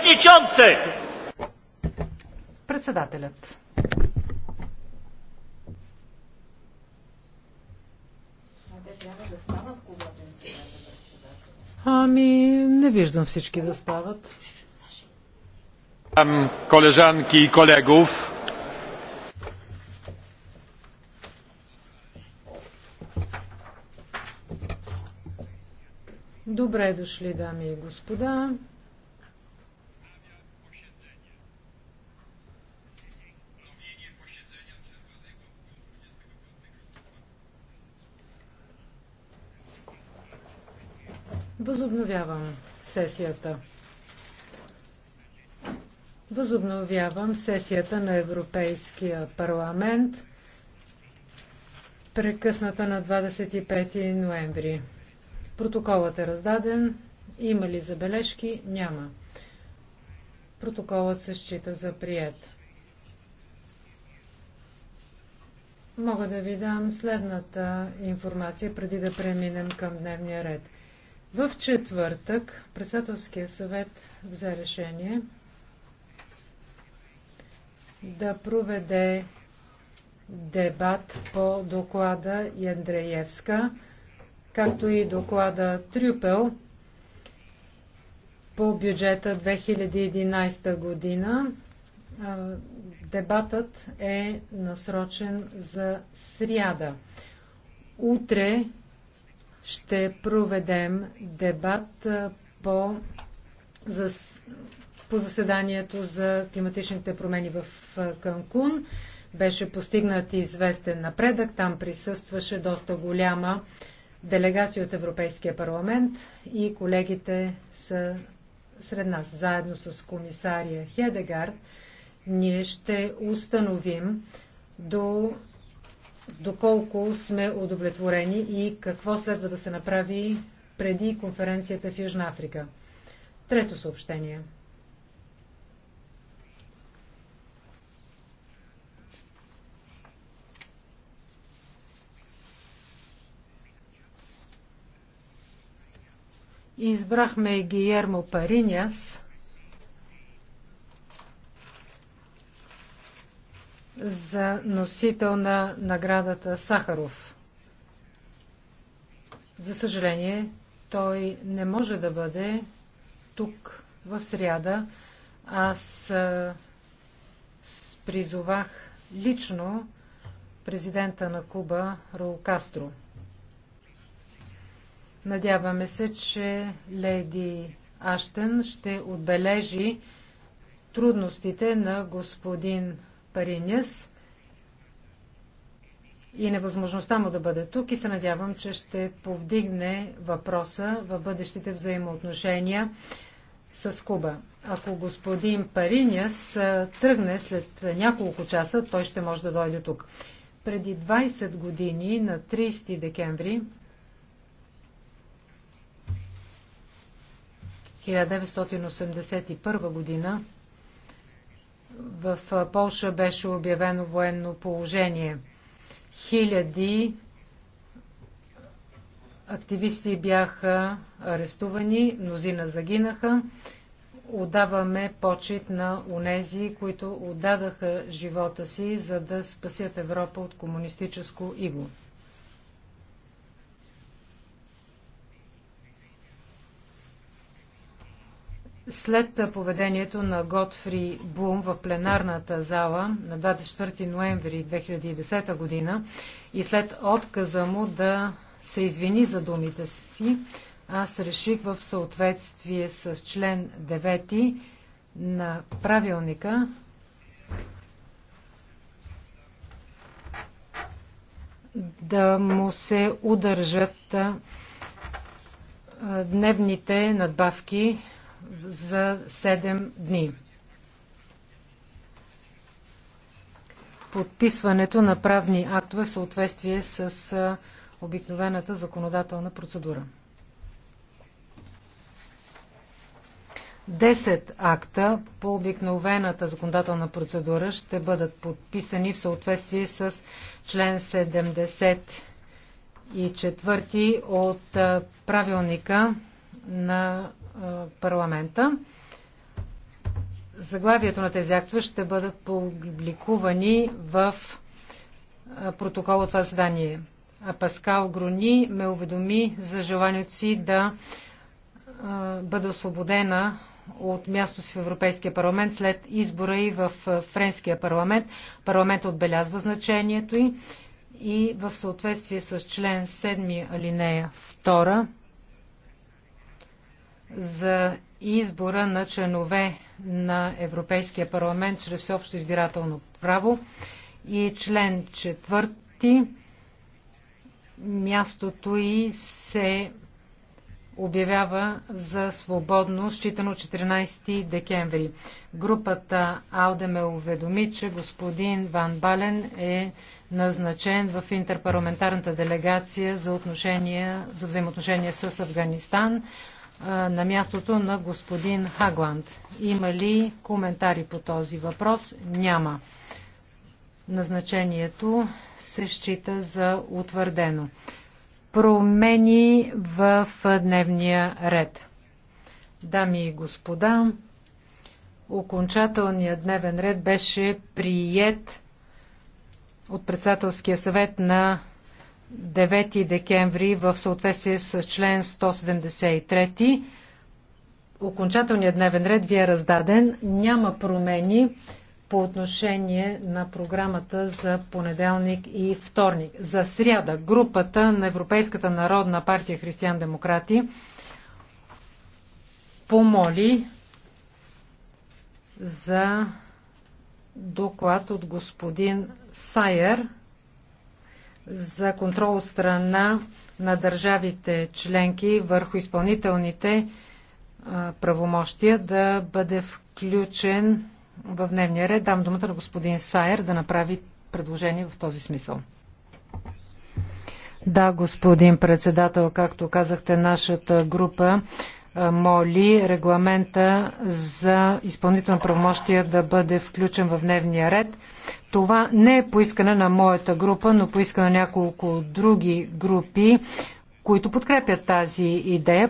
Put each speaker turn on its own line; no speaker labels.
Przewodniczący! Председателят. Ами, не виждам всички да стават. Колежанки и колегов. Добре дошли, дами и господа. Възобновявам сесията. Възобновявам сесията на Европейския парламент, прекъсната на 25 ноември. Протоколът е раздаден. Има ли забележки? Няма. Протоколът се счита за прият. Мога да ви дам следната информация преди да преминем към дневния ред. В четвъртък председателския съвет взе решение да проведе дебат по доклада Яндреевска, както и доклада Трюпел по бюджета 2011 година. Дебатът е насрочен за сряда. Утре ще проведем дебат по, за, по заседанието за климатичните промени в Канкун. Беше постигнат известен напредък. Там присъстваше доста голяма делегация от Европейския парламент и колегите са сред нас. Заедно с комисария Хедегард ние ще установим до доколко сме удовлетворени и какво следва да се направи преди конференцията в Южна Африка. Трето съобщение. Избрахме Гиермо Париняс за носител на наградата Сахаров. За съжаление, той не може да бъде тук в сряда. Аз призовах лично президента на Куба Роу Кастро. Надяваме се, че леди Аштен ще отбележи трудностите на господин Паринес и невъзможността му да бъде тук и се надявам, че ще повдигне въпроса в бъдещите взаимоотношения с Куба. Ако господин Париняс тръгне след няколко часа, той ще може да дойде тук. Преди 20 години, на 30 декември 1981 година, в Полша беше обявено военно положение. Хиляди активисти бяха арестувани, мнозина загинаха. Отдаваме почет на унези, които отдадаха живота си, за да спасят Европа от комунистическо иго. След поведението на Готфри Бум в пленарната зала на 24 ноември 2010 година и след отказа му да се извини за думите си, аз реших в съответствие с член 9 на правилника да му се удържат дневните надбавки за 7 дни. Подписването на правни актове в съответствие с обикновената законодателна процедура. 10 акта по обикновената законодателна процедура ще бъдат подписани в съответствие с член 70 и 4 от правилника на парламента. Заглавието на тези актове ще бъдат публикувани в протокол от това задание. А Паскал Груни ме уведоми за желанието си да бъде освободена от място си в Европейския парламент след избора и в Френския парламент. Парламентът отбелязва значението й и в съответствие с член 7 алинея 2 за избора на членове на Европейския парламент чрез всеобщо избирателно право и член четвърти мястото и се обявява за свободно, считано 14 декември. Групата Алде ме уведоми, че господин Ван Бален е назначен в интерпарламентарната делегация за, отношения, за взаимоотношения с Афганистан на мястото на господин Хагланд. Има ли коментари по този въпрос? Няма. Назначението се счита за утвърдено. Промени в дневния ред. Дами и господа, окончателният дневен ред беше прият от председателския съвет на 9 декември в съответствие с член 173. Окончателният дневен ред ви е раздаден. Няма промени по отношение на програмата за понеделник и вторник. За сряда групата на Европейската народна партия Християн-демократи помоли за доклад от господин Сайер за контрол от страна на държавите членки върху изпълнителните правомощия да бъде включен в дневния ред. Дам думата на господин Сайер да направи предложение в този смисъл. Да, господин председател, както казахте, нашата група моли регламента за изпълнително правомощие да бъде включен в дневния ред. Това не е поискане на моята група, но поискане на няколко други групи, които подкрепят тази идея.